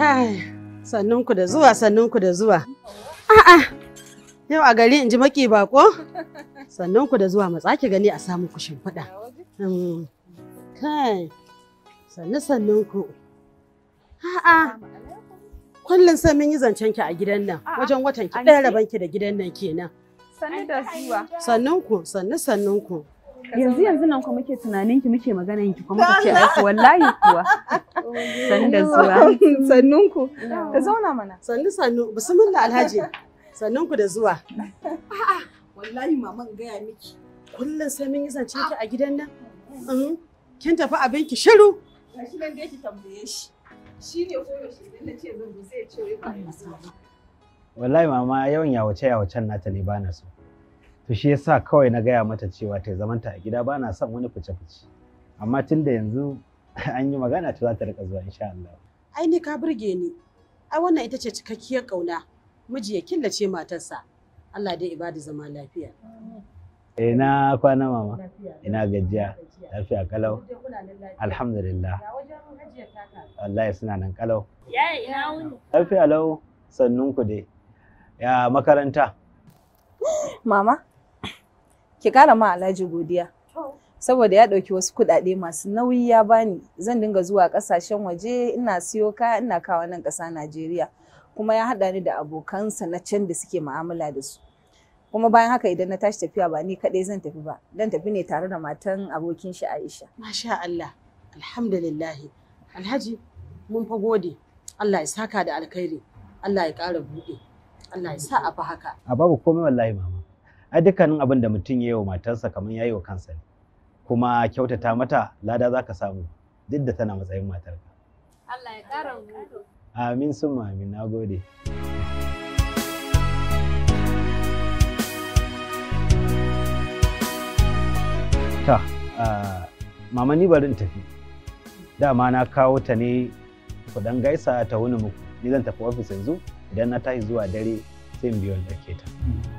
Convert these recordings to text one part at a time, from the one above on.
Kai, sannunku da zuwa, sannunku da zuwa. A'a, yau a gari in ji maki bako? Sannunku da zuwa matsaki gani a samu ku shimfiɗa. Kai, sannu sannunku. A'a, kullum sai mun yi zancen ki a gidan nan, wajen watan ki ɗaya rabanki da gidan nan kenan. Sannu da zuwa. Sannunku, sannu sannunku. yanzu yanzu nan kuma muke tunanin ki muke maganan ki kuma kace ai wallahi kuwa san da zuwa sannun ku ka zauna mana sannu sannu bismillah alhaji sannun ku da zuwa wallahi mama ga ya miki kullun sai mun yi zance ki a gidan nan mm-hmm. kin tafi abin ki shiru gashi nan dai ki tambaye shi shine koyaushe idan dan ce zan zai ce wai ba ni wallahi mama yawan yawace yawacen nata ne ba na so to shi yasa kawai na gaya mata cewa ta zamanta a gida ba na son wani fice fice amma tun da yanzu an yi magana ta za ta rika zuwa insha Allah ai ni ka burge ni ai wannan ita ce cikakkiyar kauna miji ya killace matarsa Allah dai ibadi zama lafiya ina eh, kwana mama ina gajiya lafiya kalau alhamdulillah wallahi suna nan kalau yaya ina wuni lafiya lau sannunku dai ya makaranta mama ki kara ma alhaji godiya saboda ya ɗauki wasu kuɗaɗe masu nauyi ya bani zan dinga zuwa kasashen waje ina siyo kaya ina kawo nan ƙasa najeriya kuma ya haɗa ni da abokansa na can da suke ma'amala da su kuma bayan haka idan na tashi tafiya ba ni kaɗai zan tafi ba dan tafi ne tare da matan abokin shi aisha masha allah alhamdulillah alhaji mun fa gode allah ya saka da alkhairi allah ya ƙara buɗe allah ya sa a fa haka a babu komai wallahi mama a dukkanin abin da mutum ya yi wa matarsa kamar ya yi wa kansa ne kuma kyautata mata lada za ka samu duk da tana matsayin matarka Allah ya ƙara amin sun amin na gode ta mama ni bari in tafi dama na kawo ta ne kudan gaisa ta wuni muku ni zan tafi ofis yanzu idan na tashi zuwa dare sai in biyo da ke ta.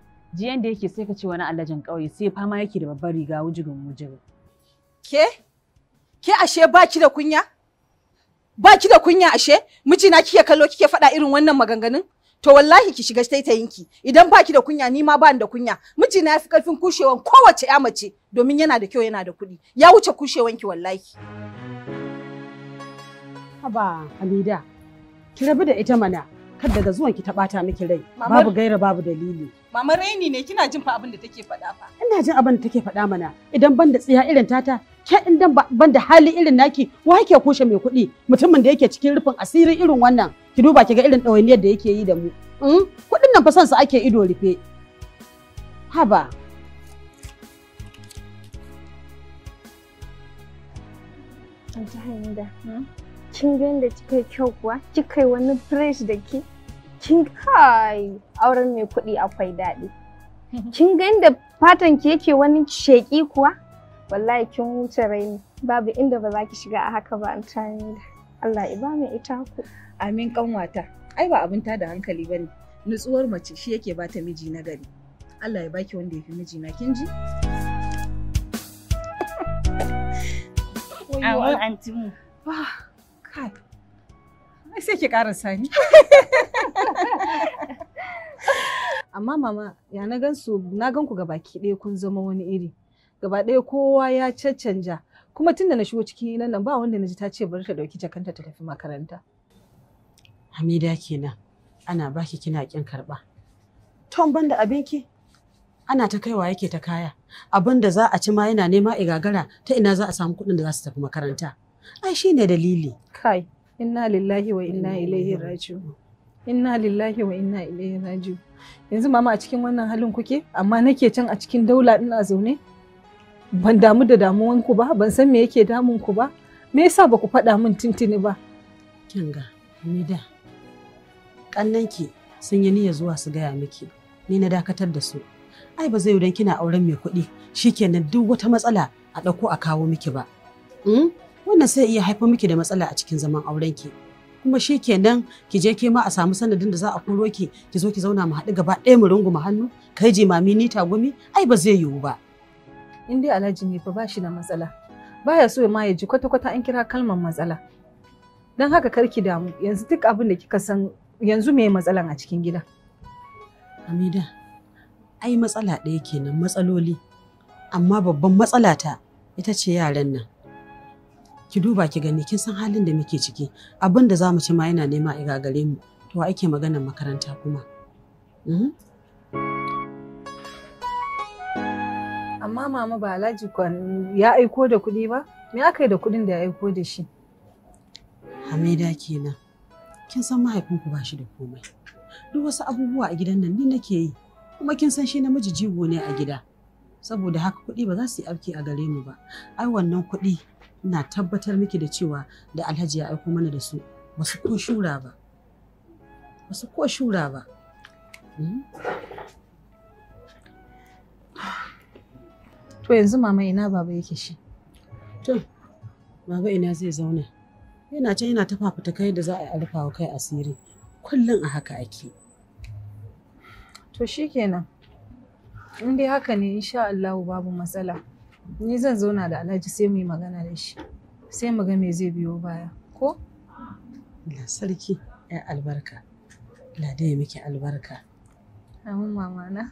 ji yanda yake sai ka ce wani alajin ƙauye sai fama yake da babbar riga wujugun-wujugun. Ke? Ke ashe ba ki da kunya? Ba ki da kunya ashe? Mijina kike kallo kike faɗa irin wannan maganganun? To wallahi ki shiga taitayinki idan ba ki da kunya ni ma ba da kunya. Mijina ya fi ƙarfin kushewan kowace ya mace domin yana da kyau yana da kuɗi. Ya wuce kushewanki wallahi. Haba Hamida, ki rabu da ita mana. Kada daga zuwanki ta ɓata miki rai. Babu gaira babu dalili. Mama Raini ne kina jin fa abin da take faɗa fa. Ina jin abin da take faɗa mana idan ban da tsiya irin tata ke in dan ban da hali irin naki wa yake kushe mai kuɗi mutumin da yake cikin rufin asiri irin wannan ki duba ki ga irin ɗawainiyar da yake yi da mu. Hmm? Kuɗin nan fa son sa ake ido rufe. Haba. Hmm? Kin ga inda kika kyau kuwa, kika wani fresh da ke. kin kai auren mai kuɗi akwai daɗi kin ga inda fatan ki yake wani sheƙi kuwa wallahi kin wuce raini babu inda ba za ki shiga a haka ba an tani da Allah ya ba mu ita ku amin kanwata ai ba abin ta da hankali bane nutsuwar mace shi yake bata miji na gari Allah ya baki wanda ya fi miji na kin ji Awon antimu. Ba, ah, kai. Sai ki ƙara sani. amma mama ya na gan su na gan ku gabaki ɗaya kun zama wani iri gaba ɗaya kowa ya caccanja kuma tunda na shigo ciki nan nan ba wanda na ji ta ce bari ta ɗauki jakanta ta tafi makaranta Hamida kenan ana baki kina kin karɓa ton banda abinki ana ta kaiwa yake ta kaya abin da za a ci ma yana nema igagara ta ina za a samu kuɗin da za su tafi makaranta ai shine dalili kai inna lillahi wa inna ilaihi raji'un inna lillahi wa inna ilaihi raji'u yanzu mama a cikin wannan halin kuke amma nake can a cikin daula ina zaune ban damu da damuwan ku ba ban san me yake damun ku ba me yasa ba ku faɗa min tintini ba ni da kannan ki sun yi niyya zuwa su gaya miki ni na dakatar da su ai ba zai dan kina auren mai kuɗi shikenan duk wata matsala a ɗauko a kawo miki ba hmm? wannan sai iya haifar miki da matsala a cikin zaman aurenki kuma shi kenan ki je ke ma a samu sanadin da za a koro ki ki zo ki zauna mu haɗu gaba ɗaya mu runguma hannu kai jimami ni tagumi ai ba zai yiwu ba. In dai Alhaji ne fa ba shi da matsala baya so ma ya ji kwata-kwata an kira kalmar matsala don haka kar ki damu yanzu duk abin da kika san yanzu me matsalan a cikin gida. amida ai matsala ɗaya kenan matsaloli amma babban matsalata ita ce yaran nan ki duba ki gani kin san halin da muke ciki abin da zamu ci ma yana nema a gare mu to ake maganar makaranta kuma hmm? amma mama ba alhaji ya aiko da kuɗi ba me aka yi da kuɗin da ya aiko da shi hamida kenan kin san mahaifinku ba shi da komai duk wasu abubuwa a gidan nan ni nake yi kuma kin san shi namiji jigo ne a gida saboda haka kuɗi ba za su yi auki a gare mu ba ai wannan kuɗi ina tabbatar miki da cewa da alhaji ya aiko mana da su wasu ko shura ba wasu ko shura ba hmm? to yanzu mama ina baba yake shi to baba ina zai zauna yana can yana ta kai da za a alfa wa kai asiri kullum a haka ake to shikenan in dai haka ne insha Allah babu matsala Ni zan zauna da Alhaji sai mu yi magana da shi. Sai mu ga me zai biyo baya. Ko? Na sarki ya albarka. Allah da ya miki albarka. Amin mamana.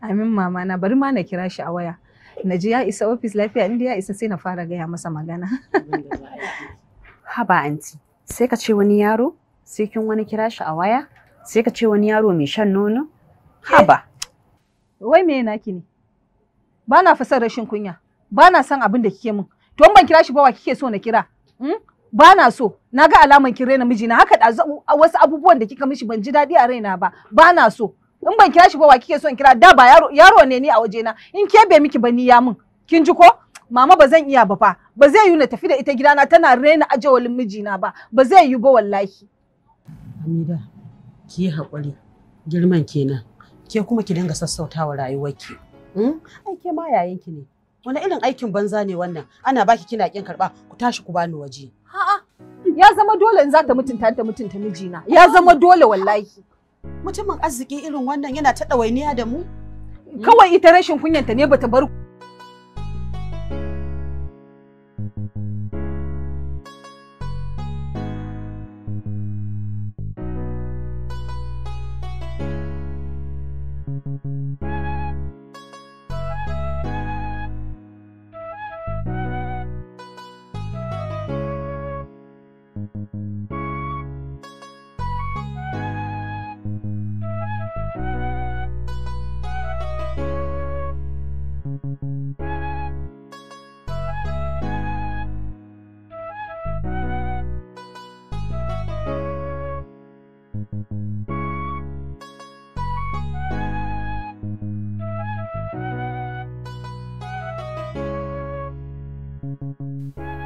Amin mamana bari ma na kira shi a waya. Na ji ya isa ofis lafiya inda ya isa sai na fara gaya masa magana. Haba anti, sai ka ce wani yaro sai kin wani kira shi a waya sai ka ce wani yaro mai shan nono? Haba. Wai me naki ne? Bana fasan rashin kunya bana son abin da kike min to ban kira shi ba wa kike so na kira hmm? bana so na ga alaman kin raina mijina haka da wasu abubuwan da kika mishi ban ji daɗi a raina ba bana so in ban kira shi ba wa kike so in kira da ba yaro yaro ne ni a wajena in kebe miki ba ni ya min kin ji ko mama ba zan iya ba fa ba zai yi na tafi da ita gidana tana raina ajawalin mijina ba ba zai yi ba wallahi Hamida ki hakuri, girman kenan ke kuma ki dinga sassautawa rayuwarki Hmm? Aike ma yayanki ne. Wani irin aikin banza ne wannan? Ana baki kina kin karba ku tashi ku bani waje. A'a. Ya zama dole in za ta mutunta ta mutunta mijina. Ya zama dole wallahi. Mutumin arziki irin wannan yana ta ɗawainiya da mu? Kawai ita rashin kunyanta ne bata bar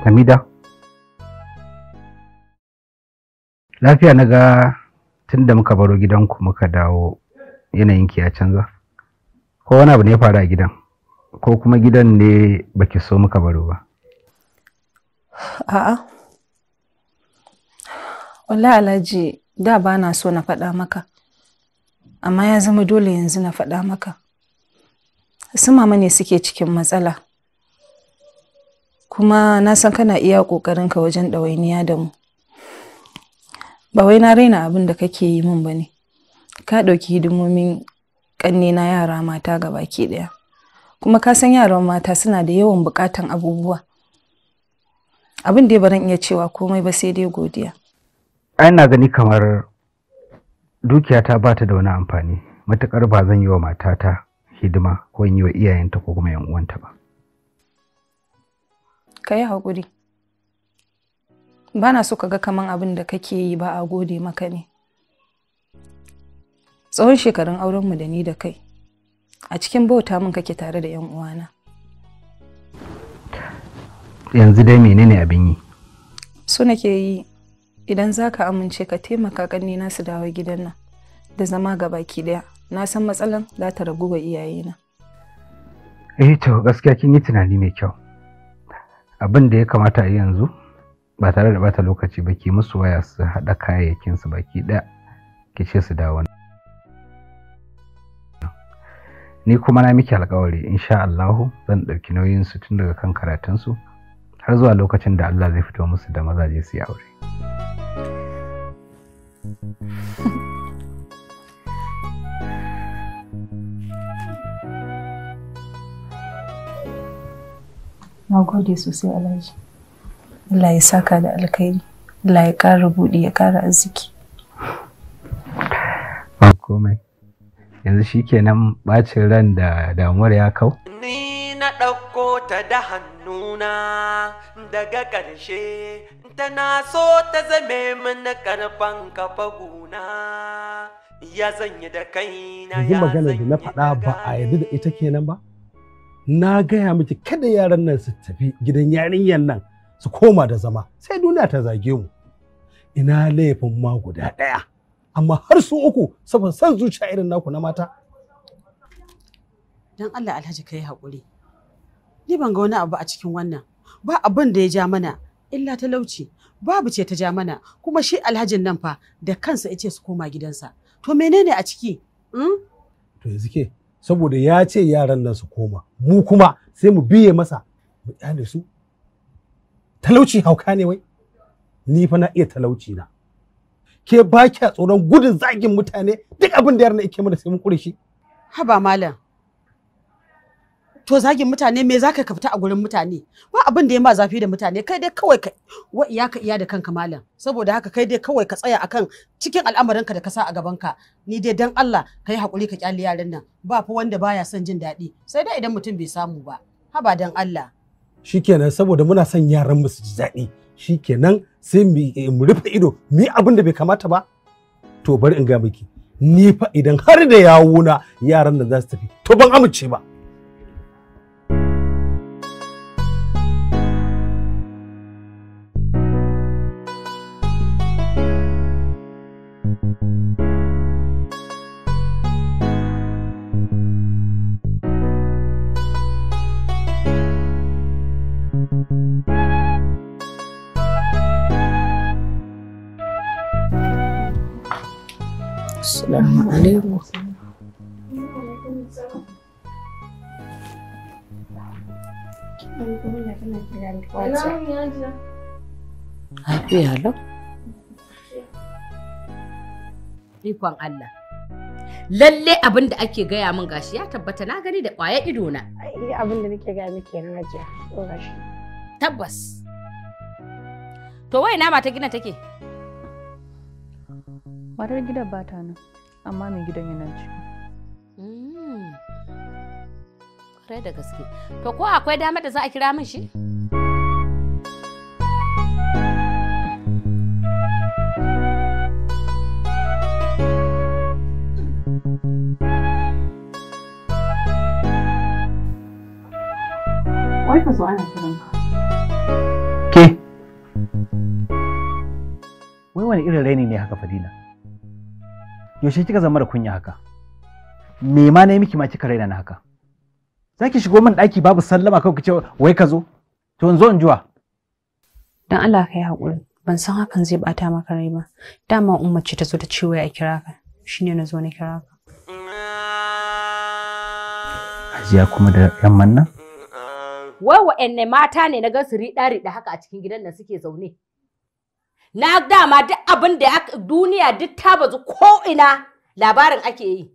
Tamida lafiya na ga tun da muka baro gidanku muka dawo yanayinki ya canza ko abu ne ya faru a gidan ko kuma gidan ne baki so muka baro ba a'a Wala alaji da ba na so na faɗa maka amma ya zama dole yanzu na faɗa maka su mama ne suke cikin matsala kuma na san kana iya ƙoƙarinka wajen ɗawainiya da mu ba wai na raina abin da kake yi min ba ne ka ɗauki hidimomin ƙannena yara mata gabaki ɗaya kuma ka san yaran mata suna da yawan bukatan abubuwa abin da baran iya cewa komai ba sai dai godiya ai na gani kamar dukiyata ba ta da wani amfani matukar ba zan yi wa matata hidima ko in yi wa iyayenta ko kuma yan uwanta ba ka yi haƙuri ba na so ka ga kaman abin da kake yi ba a gode maka ne tsawon shekarun aurenmu da ni da kai a cikin bauta min kake tare da yan uwana yanzu dai menene abin yi so nake yi idan za ka amince ka taimaka na su dawo gidan nan da zama ga baki daya na san matsalan za ta ragu ga iyayena eh to gaskiya kin yi tunani mai kyau abin da ya kamata a yanzu ba tare da bata lokaci ba ki musu waya su haɗa kayayyakin su baki ɗaya ki ce su dawo ni kuma na miki alkawari insha Allahu zan ɗauki nauyin su tun daga kan karatunsu har zuwa lokacin da Allah zai fito musu da mazaje su yi aure. Na gode sosai Alhaji. Allah ya saka da alkhairi. Allah ya ƙara buɗe ya ƙara arziki. Ba komai. yanzu shi shikenan bacin ran da damuwar ya kau ni na ɗauko ta da hannuna daga ƙarshe tana so ta zame mana ƙarfan kafa guna ya zanyi da kaina ya magana da na faɗa ba a yadda da ita kenan ba na gaya miki kada yaran nan su tafi gidan yarinyar nan su koma da zama sai duniya ta zage mu ina laifin ma guda ɗaya amma har su uku saboda san zuciya irin naku na mata dan Allah Alhaji kai hakuri ni ban ga wani abu a cikin wannan ba abin da ya ja mana illa talauci babu ce ta ja mana kuma shi alhajin nan fa da kansa ya ce su koma gidansa to menene a ciki hmm? to yanzu ke saboda ya ce yaran nan su koma mu kuma sai mu biye masa mu kyale su talauci hauka ne wai ni fa na iya talauci na ke ba kya tsoron gudun zagin mutane duk abin da yaran yake mana sai mun kure shi haba malam to zagin mutane me zaka ka fita a gurin mutane ba abin da ya ma zafi da mutane kai dai kawai ka wa iya ka iya da kanka malam saboda haka kai dai kawai ka tsaya akan cikin ka da ka sa a ka ni dai dan Allah kai hakuri ka kyale yaran nan ba fa wanda baya son jin daɗi sai dai idan mutum bai samu ba haba dan Allah shikenan saboda muna son yaran mu su ji daɗi shikenan sai eh, mu rufe ido mu yi abin da bai kamata ba to bari in ga miki ni fa idan har da na yaran da za su tafi to ban amince ba Lafiya lau. Ikon Allah. Lalle abin da ake gaya min gashi ya tabbata na gani da ƙwaya idona. Ai abin da nake gaya miki yana hajiya. gashi. Tabbas. To wai na mata gina take? Matar gidan ba ta nan, amma mai gidan yana ciki. Hmm. Kwarai da gaske. To ko akwai damar da za a kira min shi? Wai ka kiran ka. Ke. Wai wani irin raini ne haka Fadila? Yaushe kika zama da kunya haka? Me ma na miki ma kika raina na haka? Za ki shigo min ɗaki babu sallama kawai ku ce wai ka zo? To in in juwa. Dan Allah ka yi haƙuri. Ban san hakan zai bata maka rai ba. Dama umma ce ta zo ta ce wai a kira ka. Shine na zo na kira ka. Ajiya kuma da yamman nan? wai wa'anne mata ne na gan su riɗa-riɗa haka a cikin gidan nan suke zaune na dama duk abin da duniya duk ta bazu ko ina labarin ake yi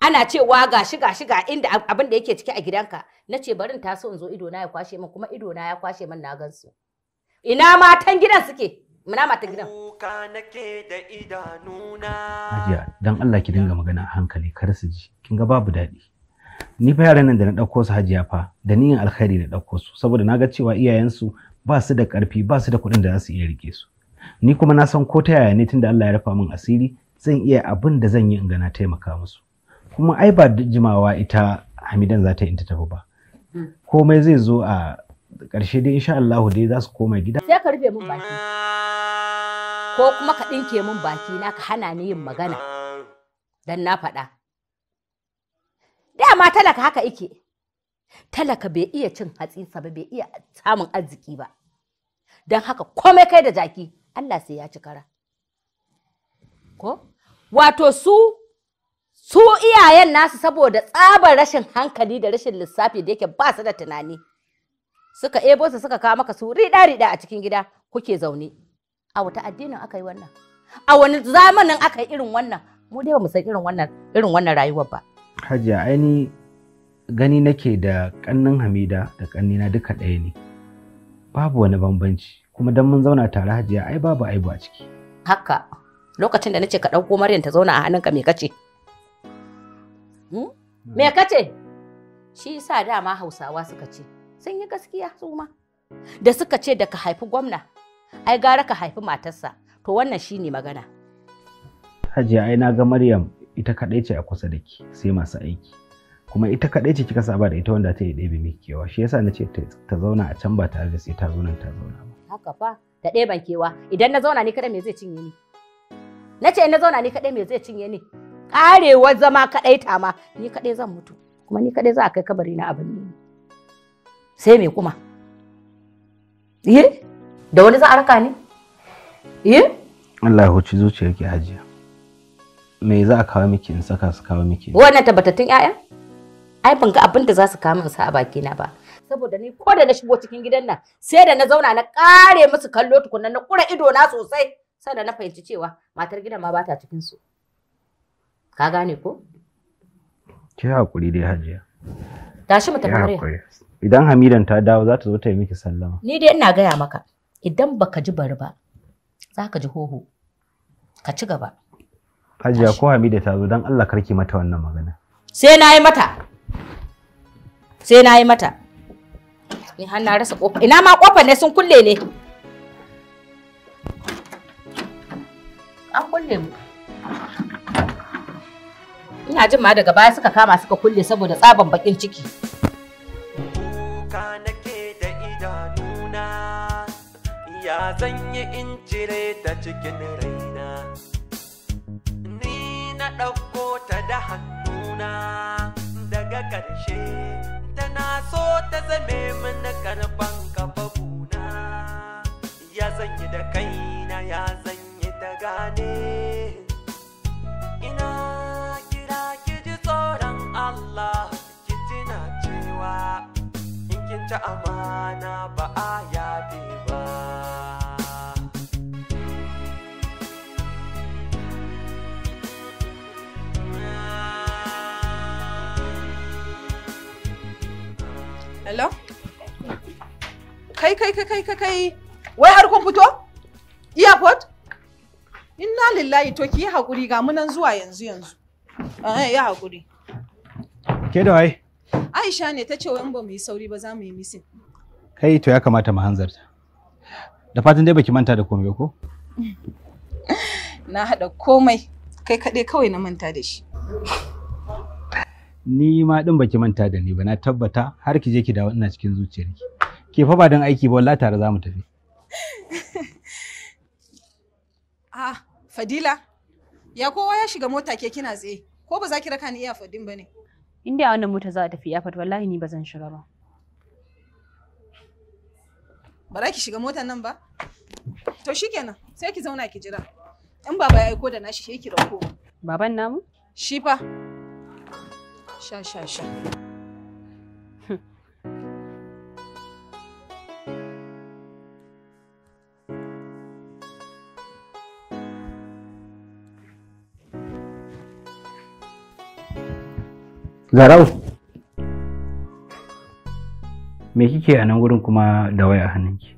ana cewa ga shiga ga inda abin da yake ciki a gidanka na ce barin so in zo ido na ya kwashe min kuma ido na ya kwashe min na gan su ina matan gidan suke muna matan gidan Ajiya, dan Allah ki dinga magana a hankali kar su ji kin ga babu daɗi ni fa yaran nan da na ɗauko su hajiya fa da niyan alkhairi na ɗauko su saboda na ga cewa iyayensu ba su da ƙarfi ba su da kuɗin da za su iya rike su ni kuma na san ko ta yaya ne tunda Allah ya rafa min asiri zan iya abin da zan yi in gana taimaka musu kuma ai ba jimawa ita Hamidan za ta yi ta tafi ba hmm. komai zai zo a ƙarshe dai insha Allah dai za su koma gida sai ka rufe min baki ko kuma ka ɗinke min baki na ka hana ni yin magana dan na faɗa dama talaka haka ike talaka bai iya cin hatsinsa ba bai iya samun arziki ba don haka komai kai da jaki Allah sai ya ci kara ko wato su su iyayen nasu saboda tsabar rashin hankali da rashin lissafi da yake ba su da tunani suka ebo su suka kawo maka su rida rida a cikin gida kuke zaune a wata addinin aka yi wannan a wani zamanin aka yi irin wannan mu dai ba mu san irin wannan irin wannan rayuwar ba hajiya aini gani nake da kannin hamida da kannina duka ɗaya ne babu wani bambanci kuma dan mun zauna tare hajiya ai babu aibu a ciki haka lokacin da nace ka ɗauko maryam ta zauna a hannunka me kace hmm? me kace shi yasa dama hausawa suka ce sun yi gaskiya su ma da suka ce da ka haifi gwamna ai gara ka haifi matarsa to wannan shine magana hajiya ai na ga maryam ita kaɗai ce a kusa da ki sai masu aiki kuma ita kaɗai ce kika saba da ita wanda ta yi ɗebe miki kewa shi yasa na ce ta zauna a can ba tare da sai ta zo nan ta zauna ba haka fa ta ɗeban kewa idan na zauna ni kaɗai me zai cinye ni na ce na zauna ni kaɗai me zai cinye ni ƙarewar zama kaɗai ta ma ni kaɗai zan mutu kuma ni kaɗai za a kai kabari na abin ne sai me kuma yi da wani za a raka ni yi Allah ya huci zuciyarki hajiya me za a kawo miki in saka su kawo miki wannan tabbatattun ƴaƴa ai ban ga abin da za su kawo min sa a baki na ba saboda ni ko da na shigo cikin gidan nan sai da na zauna na kare musu kallo tukunna na kura ido na sosai da na fahimci cewa matar gidan ma bata cikin su ka gane ko ki hakuri dai hajiya tashi mu tafi idan hamidan ta dawo za ta zo ta yi miki sallama ni dai ina gaya maka idan baka ji bari ba za ka ji hoho ka ci gaba Hajiya ko Hamida ta zo don Allah karki mata wannan magana. Sai na yi mata. Sai na yi mata. Ni har na rasa kofa. Ina ma kofa ne sun kulle ne. An kulle mu. Ina jin ma daga baya suka kama suka kulle saboda tsaban bakin ciki. ya in cire ta cikin raina. ɗauko ta da hannuna daga ƙarshe tana so ta zame mini karɓan kafafuna ya zanyi da kaina ya zanyi ta gane ina kira ki ji tsoron Allah ki tuna cewa in kin ci amana ba a yabe ba kai kai kai kai kai wai har kun fito airport inna lillahi to ki hakuri ga munan zuwa yanzu yanzu eh ya hakuri ke da wai Aisha ne ta ce in ba mu yi sauri ba za mu yi missing kai to ya kamata mu hanzarta da fatan dai baki manta da komai ko na hada komai kai kaɗai kawai na manta da shi ni ma din baki manta da ni ba na tabbata har ki je ki dawo ina cikin zuciyarki ke fa ba don aiki ba wallahi tare za mu tafi Ah, fadila ya kowa ya shiga mota ke kina tsaye ko ba za ki raka ni iya fadin ba ne in a wannan mota za a tafi ya iyafat wallahi ni ba zan shiga ba ba za ki shiga motan nan ba to shikenan sai ki zauna ki jira in baba ya aiko da nashi sai ki rako. baban namu shi fa sha sha sha Zarau. Me kike a nan gurin kuma da waya hannunki?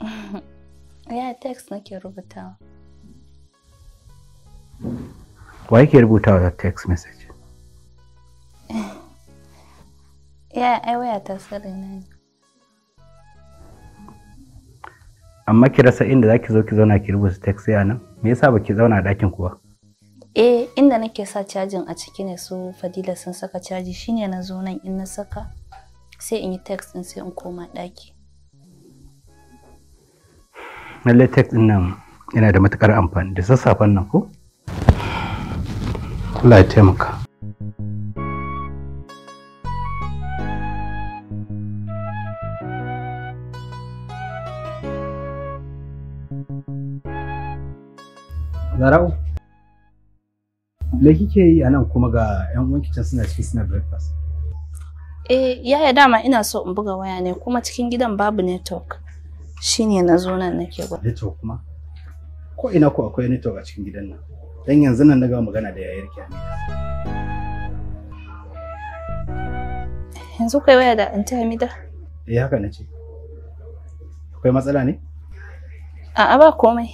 Ya text nake rubutawa. Wa yake rubutawa da text message? Ya ai waya ta sirri ne. Amma ki rasa inda zaki zo ki zauna ki rubuta text sai a nan? Me yasa baki zauna a dakin kuwa? eh inda nake sa cajin a cikin ne su fadila sun saka caji shine na zo nan in na saka sai in yi text din sai in koma ɗaki lallai text din nan yana da matukar amfani da sassafen nan ko Allah ya taimaka Zarau. me kike yi a nan kuma ga 'yan uwanki can suna ciki suna breakfast eh yaya dama ina so in buga waya ne kuma cikin gidan babu network shine na zo nan nake ba network kuma ko ina ko akwai network a cikin gidan nan dan yanzu nan na ga magana da yayar ki yanzu kai waya da anti Hamida eh haka nace akwai matsala ne a'a ba komai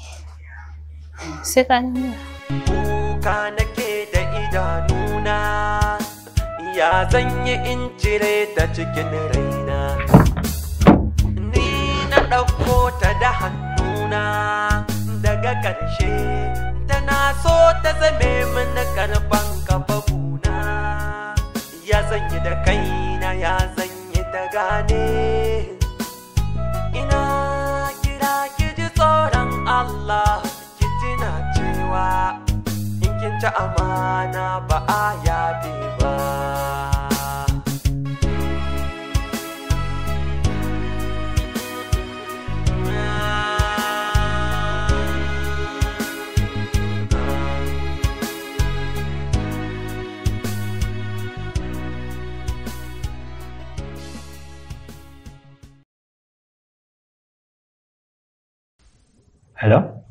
sai ka ne nuna ya zanyi incire in cire ta cikin raina ni na ɗauko ta da hannuna daga ƙarshe tana so ta zame min karfan buna ya zanyi da kaina ya zanyi ta gane ina kira ki ji tsoron Allah ki tuna cewa ta amana ba a yabe ba Hello?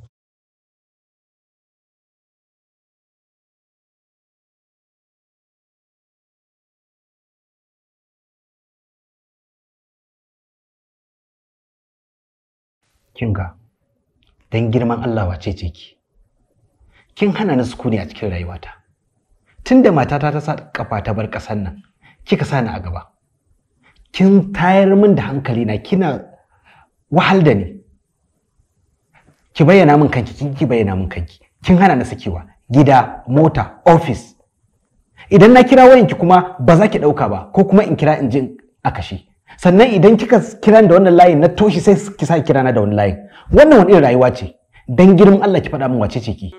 kin ga dan girman Allah wace ce ki kin hana ni sukuni a cikin rayuwata tunda matata ta sa kafa ta bar kasar nan kika sa ni a gaba kin tayar min da hankali na kina wahal da ni ki bayyana min kanki kin ki bayyana min kanki kin hana ni sakewa gida mota office idan na kira wayanki kuma ba za ki ɗauka ba ko kuma in kira in ji a kashe sannan idan kika kiran da wannan layin na toshi sai ki sa kirana da wani layin wannan wani irin rayuwa ce dan girman Allah ki faɗa min wace ce ki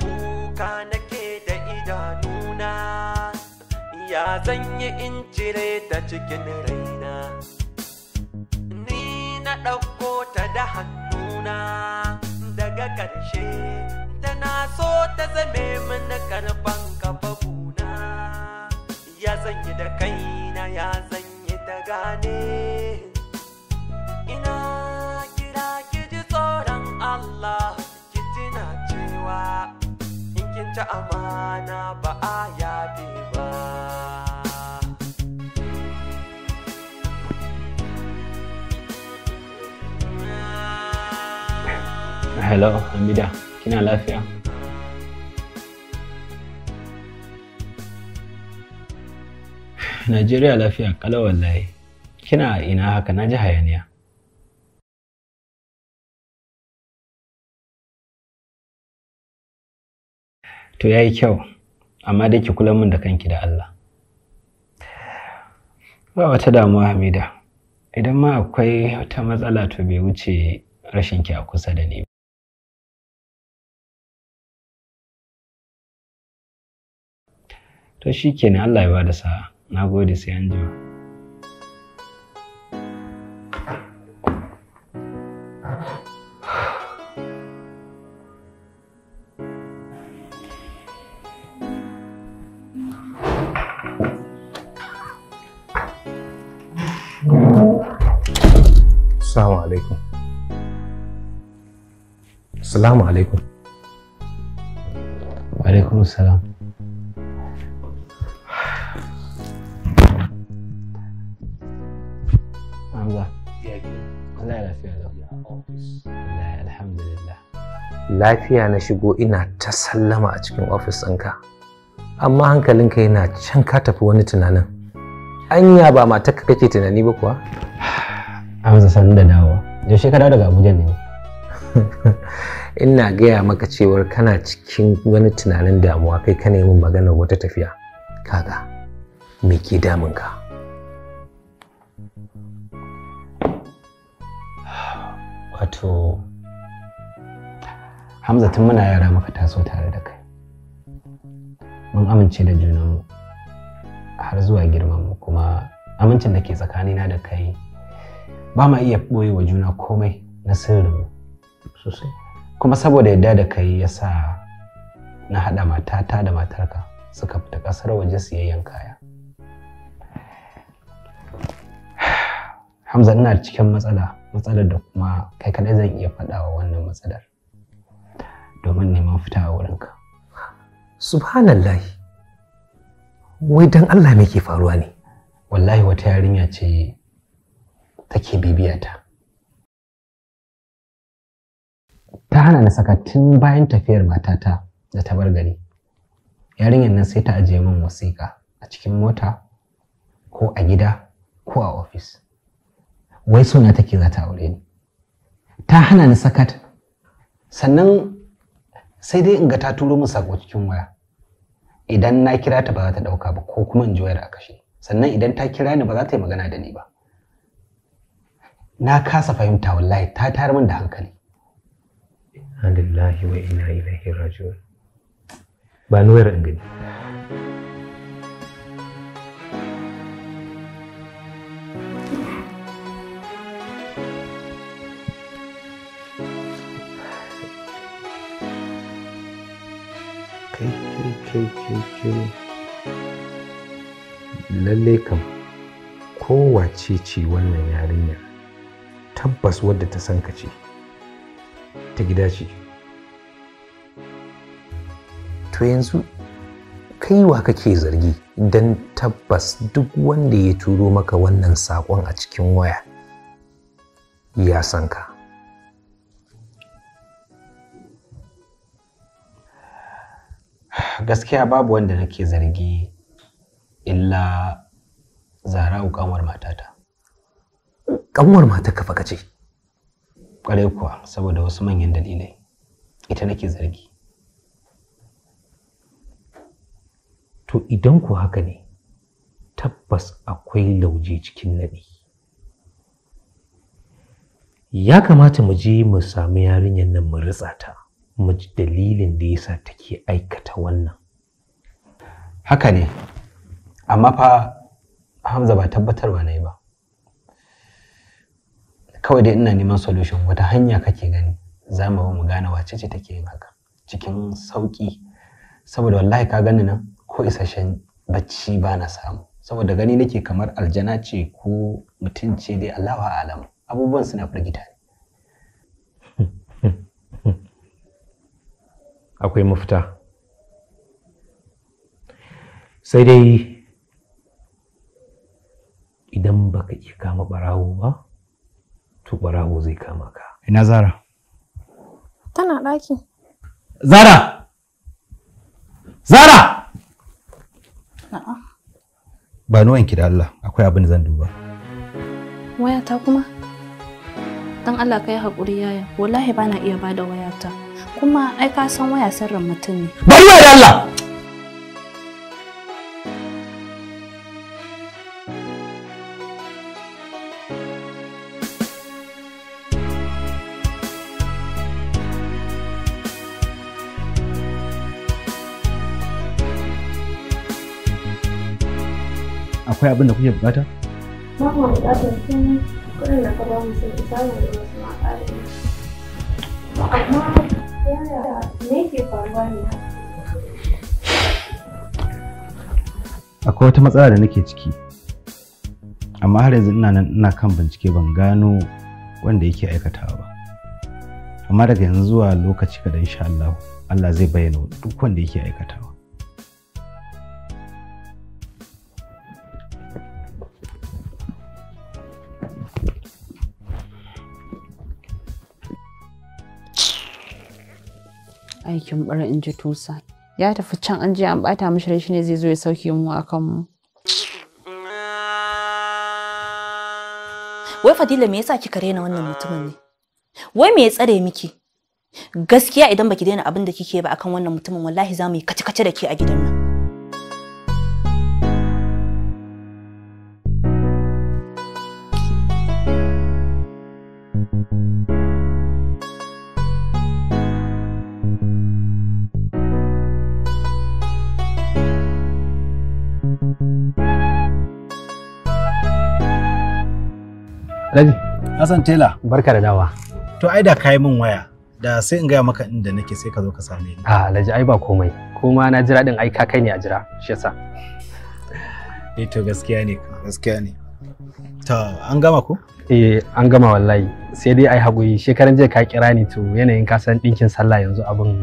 kuka nake da idanuna ya zanyi in cire ta cikin raina ni na ɗauko ta da hannuna daga ƙarshe na so ta zame mana karfan kafa buna ya zanyi da kaina ya zanyi da gane ina kira ki ji tsoron Allah ki tuna cewa in kin ci amana ba a yabe ba Hello, kina lafiya Najeriya lafiya kala wallahi kina ina haka na ji hayaniya to ya yi kyau amma dai ki kula min da kanki da Allah ba wata damuwa Hamida idan ma akwai wata matsala to bai wuce rashin ki a kusa da ni to shi kenan Allah ya ba da sa'a na gode sai an jima Assalamu alaikum. Assalamu alaikum. Wa alaikum assalam. alhamdulillah lafiya na shigo ina ta sallama a cikin ofis ɗinka amma hankalinka yana can ka tafi wani tunanin anya ba matarka kake tunani ba kuwa amsa san da dawowa yaushe ka daga abuja ne ina gaya maka cewar kana cikin wani tunanin damuwa kai ka nemi maganar wata tafiya kaga me ke damunka to hamza tun muna yara muka taso tare da kai mun amince da junanmu har zuwa girmanmu kuma amincin da ke tsakanina da kai ba ma iya ɓoye wa juna komai na sirrinmu sosai kuma saboda yadda da kai ya sa na haɗa matata da matarka suka fita ƙasar waje siyayyen kaya hamza ina cikin matsala matsalar da kuma kai kaɗai zan iya faɗawa wannan matsalar domin neman fita a wurinka. Subhanallah, wai don Allah me ke faruwa ne? Wallahi wata yarinya ce take bibiyata. Ta hana na saka tun bayan tafiyar matata da ta bar gari. Yarinyar nan sai ta ajiye min wasiƙa a cikin mota ko a gida ko a ofis. wai suna take za ta aure ni ta hana ni sakat sannan sai dai in ga ta turo min sako cikin waya idan na kira ta ba za ta ɗauka ba ko kuma in ji wayar a kashe sannan idan ta kira ni ba za ta yi magana da ni ba na kasa fahimta wallahi ta tayar min da hankali alhamdulillah wa inna ilaihi raji'un ba ni wayar in gani kai kai kai lalle kam kowace ce wannan yarinya tabbas wadda ta san ka ce ta gida ce to yanzu kai wa kake zargi don tabbas duk wanda ya turo maka wannan saƙon a cikin waya ya san ka gaskiya babu wanda nake zargi illa zahra'u kanwar matata kanwar matarka fa kace kware kuwa saboda wasu manyan dalilai ita nake zargi to idan ku haka ne tabbas akwai lauje cikin nadi. ya kamata mu je mu samu yarinyar nan mu ta mu ji dalilin da yasa take aikata wannan haka ne amma fa hamza ba tabbatarwa na yi ba kawai dai ina neman solution wata hanya kake gani za mu mu gane wace ce take yin haka cikin sauki saboda wallahi ka gani nan ko isasshen bacci ba na samu saboda gani nake kamar aljana ce ko mutum ce dai alawa wa alam abubuwan suna firgita ne akwai mafita sai dai idan baka iya kama barawo ba to barawo zai kama ka ina zara tana ɗaki zara zara ba nuwanki da Allah akwai abin zan duba wayata kuma dan Allah ka yi haƙuri yaya wallahi bana iya bada wayata kuma ai ka san waya sirrin mutum ne bari da Allah akwai abin da kuke bukata? Ba mu bukatar komai kudin da ka ba mu sai isa mu da wasu ma'aƙari. Amma Akwai wata matsala da nake ciki, amma har yanzu ina nan ina kan bincike ban gano wanda yake aikatawa ba. Amma daga yanzu zuwa lokaci kaɗan insha Allah, Allah zai bayyana duk wanda yake aikatawa. aikin bara in ji tusa ya tafi can an je an bata mishi rai shine zai zo ya sauke mu akan mu wai fadila me yasa kika rena wannan mutumin ne wai me ya tsare miki gaskiya idan baki daina abin da kike ba akan wannan mutumin wallahi za mu yi kace-kace da ke a gidan nan Rabi. Hassan Tela. Barka da dawa. To ai da kai min waya. Da sai in gaya maka inda nake sai ka zo ka same ni. Ah, Alhaji ai ba komai. Kuma na jira din ai ka kai ne a jira. Shi yasa. Eh to gaskiya ne. Gaskiya ne. Ta an gama ko? Eh an gama wallahi. Sai dai ai haƙuri shekaran jiya ka kira ni to yanayin ka san ɗinkin sallah yanzu abin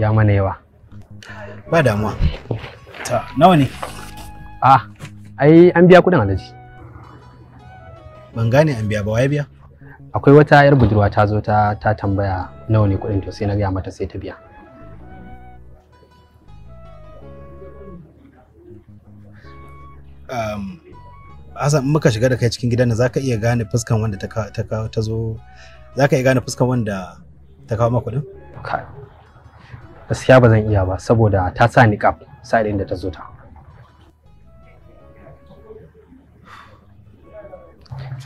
ya mana yawa. Ba damuwa. Ta nawa ne? Ah, ai an biya kuɗin Alhaji. ban gane an biya ba waye biya akwai wata yar budurwa ta zo ta ta tambaya nawa ne kuɗin to sai na gaya mata sai ta biya um, Hassan muka shiga da kai cikin gidan za iya gane fuskan wanda ta ta ta zo za ka iya gane fuskan wanda ta kawo maka kuɗin? Gaskiya ba zan iya ba saboda ta sa niqab sa'ilin da ta zo ta.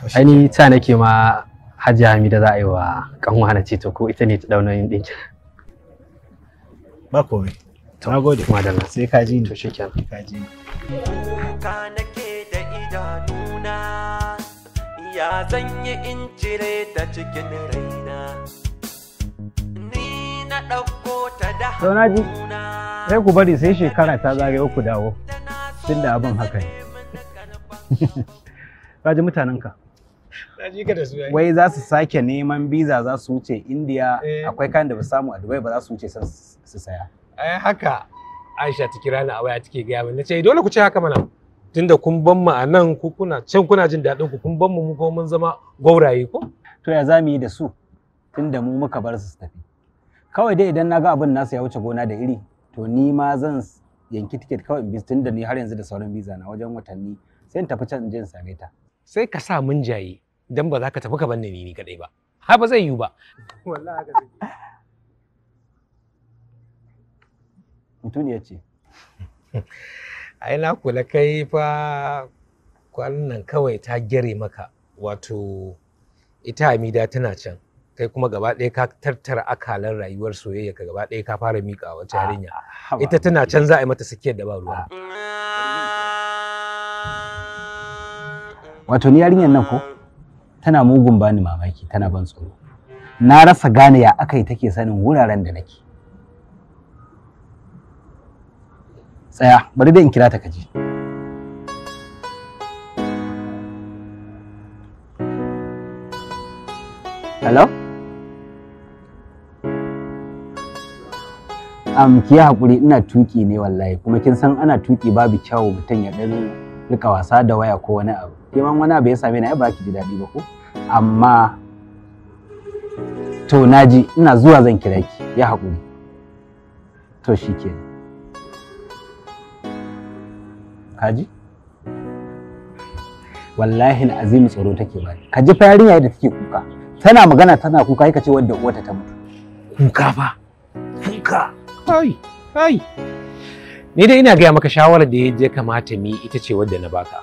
Aini ta nake ma Hajji Hamida za a yi wa kanwa na ceto ko ita ne ta dauna yin dinki. Ba komai. Na gode. Madalla. Sai ka ji ni. To shikenan. Ka ji Ka nake da idanuna ya zanyi in cire ta cikin raina. Ni na ɗauko ta da hannuna. Sai ku bari sai shekara ta zagaye ku dawo. Tunda abin haka ne. Ka ji mutanenka. Eh. wai za su sake neman biza za su wuce india eh. akwai kayan da ba samu a dubai ba za su wuce su saya ai haka aisha ta kira ni a waya take gaya min nace eh, dole ku ce haka mana tunda kun ban mu a nan ku kuna can kuna jin daɗin ku kun ban mu mu ko mun zama gauraye ko to ya za mu yi da su tunda mu muka bar su su tafi kawai dai idan na ga abin nasu ya wuce gona da iri to ni ma zan yanki tiket kawai bis tunda ni har yanzu da sauran biza na wajen watanni sai in tafi can in je in same ta sai ka sa mun jaye dan ba za ka tafi ka banne ni ni kadai ba har ba zai yiwu ba wallahi haka ce ai na kula kai fa kwannan kawai ta gyare maka wato ita Amida tana can kai kuma gaba ɗaya ka tattara akalan rayuwar soyayya ka gaba ɗaya ka fara miƙa wata ah, yarinya ah, ita tana can za a yi mata sakiyar da ba ruwa wato ni yarinyar nan ko tana mugun bani mamaki tana ban tsoro na rasa gane ya aka yi take sanin wuraren da nake tsaya bari dai in kira ta kaji hello am ki hakuri ina tuki ne wallahi kuma kin san ana tuki babu kyawu mutum ya dan rika wasa da waya ko wani abu keman wani abu ya same ni ai ba ki ji daɗi ba ko amma to naji ina zuwa zan kira ki ya haƙuri to shi ke kaji wallahi azimi tsoro take ba ka ji fa yarinya da take kuka tana magana tana kuka kace wadda uwata ta mutu kuka fa kuka ai ai ni dai ina gaya maka shawarar da ya kamata mi ita ce wadda na baka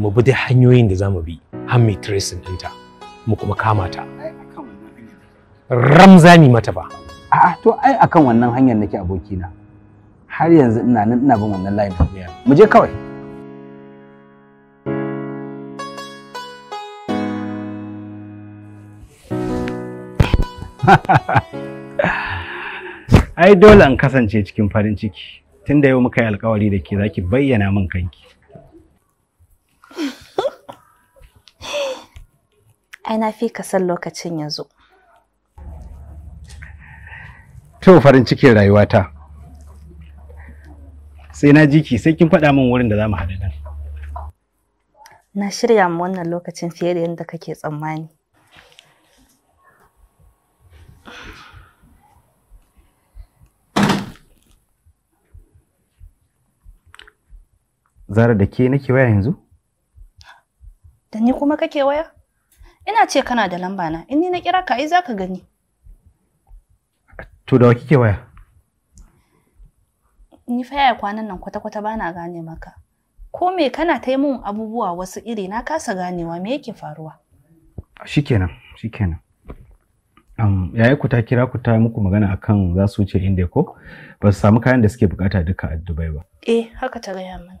mu bi dai hanyoyin da za mu bi har mai tracing ɗinta mu kuma kama ta Ramzani mata ba a'a to ai akan wannan hanyar nake abokina har yanzu ina nan ina bin wannan layin mu je kawai ai dole in kasance cikin farin ciki tunda yau muka yi alkawari da ke zaki bayyana min kanki ai na fi ka san lokacin ya zo to farin cikin rayuwata sai na jiki sai kin faɗa min wurin da za mu haɗu nan na shirya mu wannan lokacin fiye da yadda kake tsammani Zara da ke nake waya yanzu? Da ni kuma kake waya? Ina ce kana da lamba na, in ni na kira ka ai za ka gani. To da wa kike waya? Ni fa yaya kwanan nan kwata-kwata bana gane maka. Ko me kana ta mun abubuwa wasu iri na kasa ganewa me yake faruwa? Shikenan, shikenan. Um, yaya ku ta kira ku ta muku magana akan za su wuce inda ko ba su samu kayan da suke bukata duka a Dubai ba. Eh, haka ta gaya mana.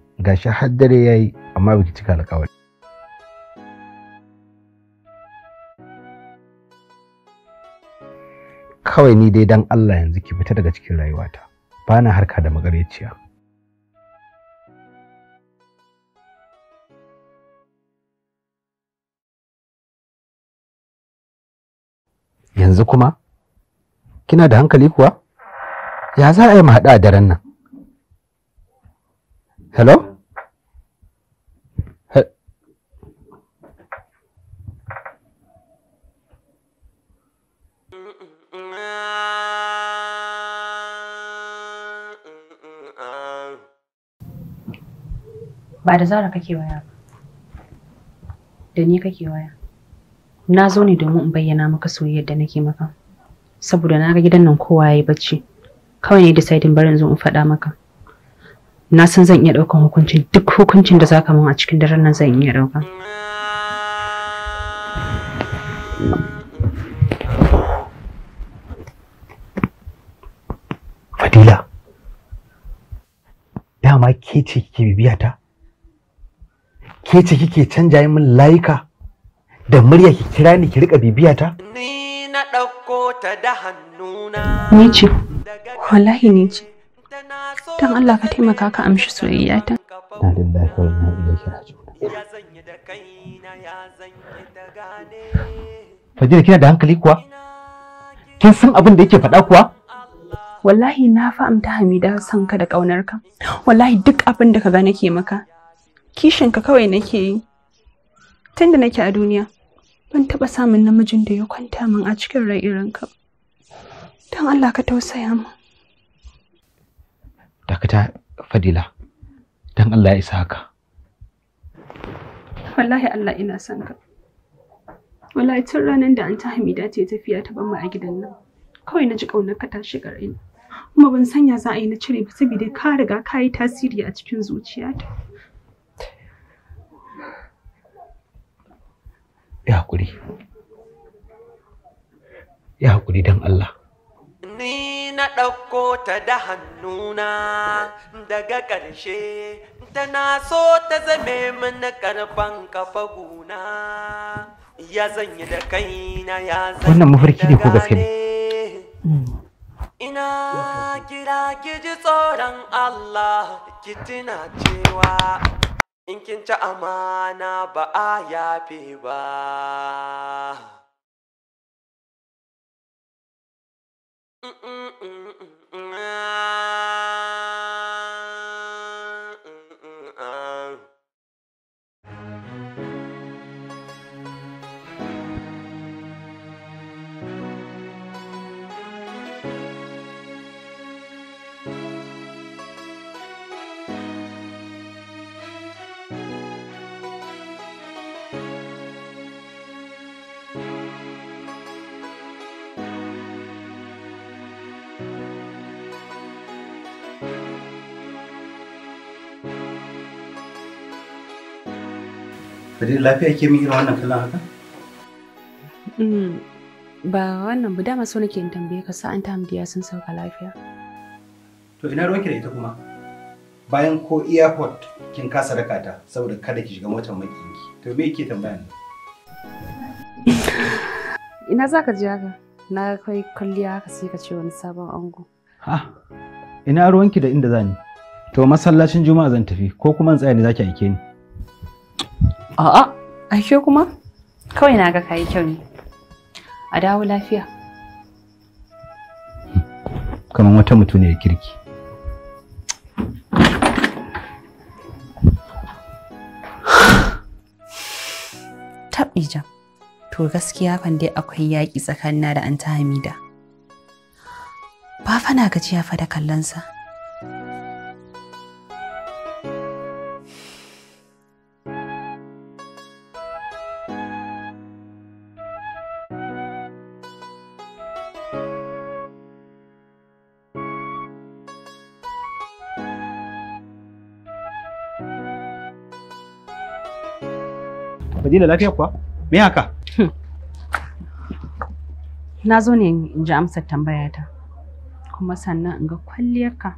Ga shi har dare ya yi, amma biki cika alƙawari kawai ni dai dan Allah yanzu ki fita daga cikin rayuwata ba na harka da magareciya yanzu kuma kina da hankali kuwa ya za a yi mu haɗa a daren nan hello ba da zara kake waya ba da ni kake waya na zo ne domin in bayyana maka soyayyar da nake maka saboda na ga gidan nan kowa ya yi bacci kawai ne bari barin zo in faɗa maka na san zan iya ɗaukan hukuncin duk hukuncin da zaka min a cikin daren nan zan iya ɗauka Fadila, dama ke ce kike bibiya ta? ke ce kike canja min layuka da murya ki kira ni ki rika bibiya ta ni na dauko ta da hannuna ni ce wallahi ni ce dan Allah ka taimaka ka amshi soyayya ta na lillahi wa inna ilaihi raji'un Fadila kina da hankali kuwa? Kin san abin da yake faɗa kuwa? Wallahi na fahimta Hamida son ka da ka Wallahi duk abin da ka ga nake maka Kishin ka kawai nake yi tun da nake a duniya ban taɓa samun namijin da ya kwanta min a cikin rai irin ka don allah ka tausaya min dakata fadila don allah ya isa haka wallahi allah ina son ka wallahi tun ranar da an ta hamida ce tafiya ta ban a gidan nan kawai na ji ƙaunar ka ta shiga kuma ban sanya za a yi na cire ba saboda ka riga ka yi tasiri a cikin zuciyata ya haƙuri ya haƙuri don Allah ni na ɗauko ta da hannuna daga ƙarshe tana so ta zame mana karfan kafa guna ya zanyi da kaina ya zanyi wannan mafarki ne ko gaske ne ina kira ki ji tsoron Allah ki tuna cewa in kin ci amana ba a yafe ba mm, mm, mm, Bari lafiya ke min irin wannan kallon haka? Mm, ba wannan ba dama so nake in tambaye ka sa'an ta hamdiya sun sauka lafiya. To ina ruwanki da ita kuma? Bayan ko airport kin kasa raka ta saboda kada ki shiga motar makiyinki. To me yake tambaya ne? Ina za ka je haka? Na kai kwalliya haka sai ka ce wani sabon ango. Ha? Ina ruwanki da inda ni, To masallacin Juma'a zan tafi ko kuma in tsaya ne zaki aike ni? A'a, ashe kuma? Kawai na ga kayi kyau ne. A dawo lafiya. Kamar wata mutuniyar kirki. Taɓija, to gaskiya fan dai akwai yaƙi tsakanina da Anta Hamida. Ba fa na gajiya fa da kallonsa. sa. Fadila lafiya kuwa? Me haka? Na zo ne in ji amsar tambayata. Kuma sannan in ga kwalliyarka.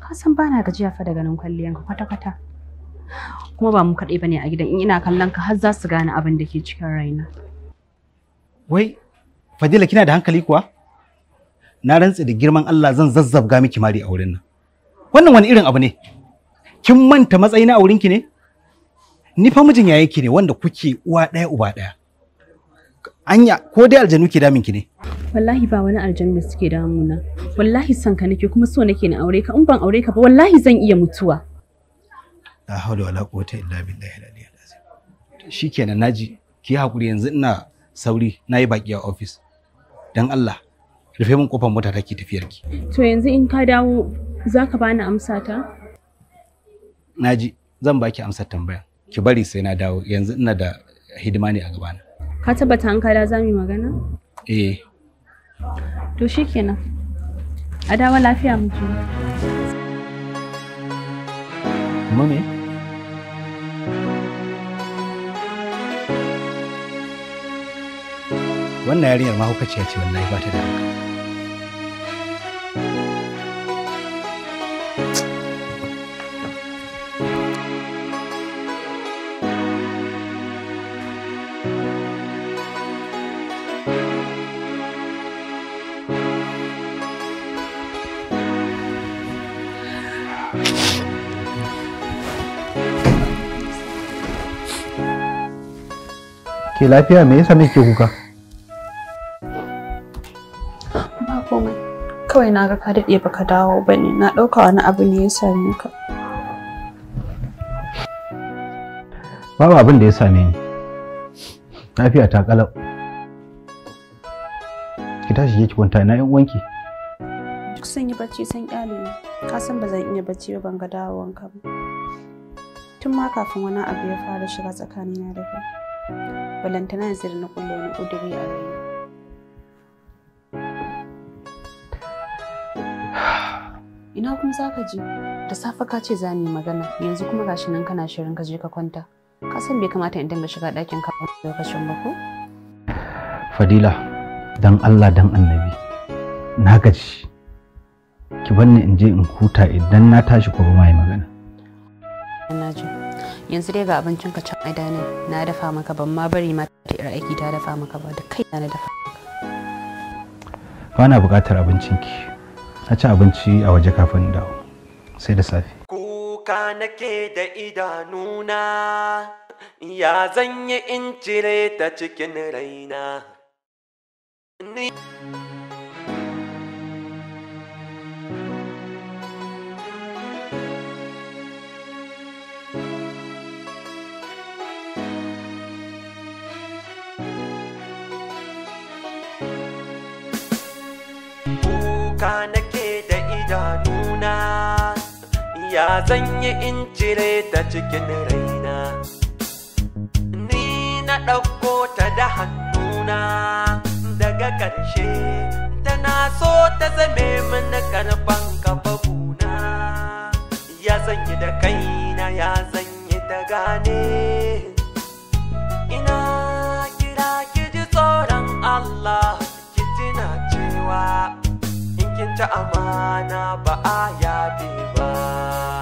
Ka san ba na gajiya fa ganin kwalliyarka kwata-kwata. Kuma ba mu kaɗai bane a gidan in ina kallon ka har za su gane abin da ke cikin raina. Wai, Fadila kina da hankali kuwa? Na rantse da girman Allah zan zazzabga miki mari a wurin nan. Wannan wani irin abu ne? Kin manta matsayina a ki ne? ni fa mijin yayin ki ne wanda kuke uwa ɗaya uba ɗaya anya ko dai aljanu ke damin ki ne wallahi ba wani aljanu da suke damuna wallahi san ka nake kuma so nake na aure ka in ban aure ka ba wallahi zan iya mutuwa la hawla wala quwwata illa billahi al-aliyyil azim shikenan naji ki hakuri yanzu ina sauri nayi baki a office dan Allah rufe min kofar mota take tafiyar ki to yanzu in ka dawo zaka bani amsa ta naji zan baki amsar tambaya ki bari sai na dawo yanzu ina da hidima ne a gabana ka tabbata an kada za mu yi magana eh to shikenan a dawo lafiya mu mami wannan yarinyar mahaukaciya ce wallahi ba ta da haka. ke lafiya me yasa nake kuka ba komai kawai na ga ka daɗe baka dawo ba ne, na ɗauka wani abu ne ya same ka babu abin da ya same ni lafiya ta kalau ki tashi je ki kwanta na yan wanki duk sun yi bacci sun ƙyale ni ka san ba zan iya bacci ba ban ga dawowanka ba tun ma kafin wani abu ya fara shiga tsakanina da kai balantana zira na kullo wani kudiri a raina ina kuma za ka je da safe ka ce za mu magana yanzu kuma gashi nan kana shirin ka je ka kwanta ka san bai kamata in dinga shiga ɗakin ka lokacin ba ko fadila dan allah dan annabi na gaji ki banni in je in huta idan na tashi ko ba ma yi magana na ji yanzu dai ga abincin ka can na dafa maka ban ma bari ma ta yar aiki ta dafa maka ba da kai na dafa maka ba buƙatar abincinki na ci abinci a waje kafin dawo sai da safe kuka nake da idanuna ya zanye in cire ta cikin raina kuka nake da idanuna ya zanyi in cire ta cikin raina ni na ɗauko ta da hannuna daga ƙarshe tana so ta zame mana karfan kafafuna ya zanyi da kaina ya zanyi da gane ina kira ki tsoron Allah ki tuna cewa ta amana ba a yabe ba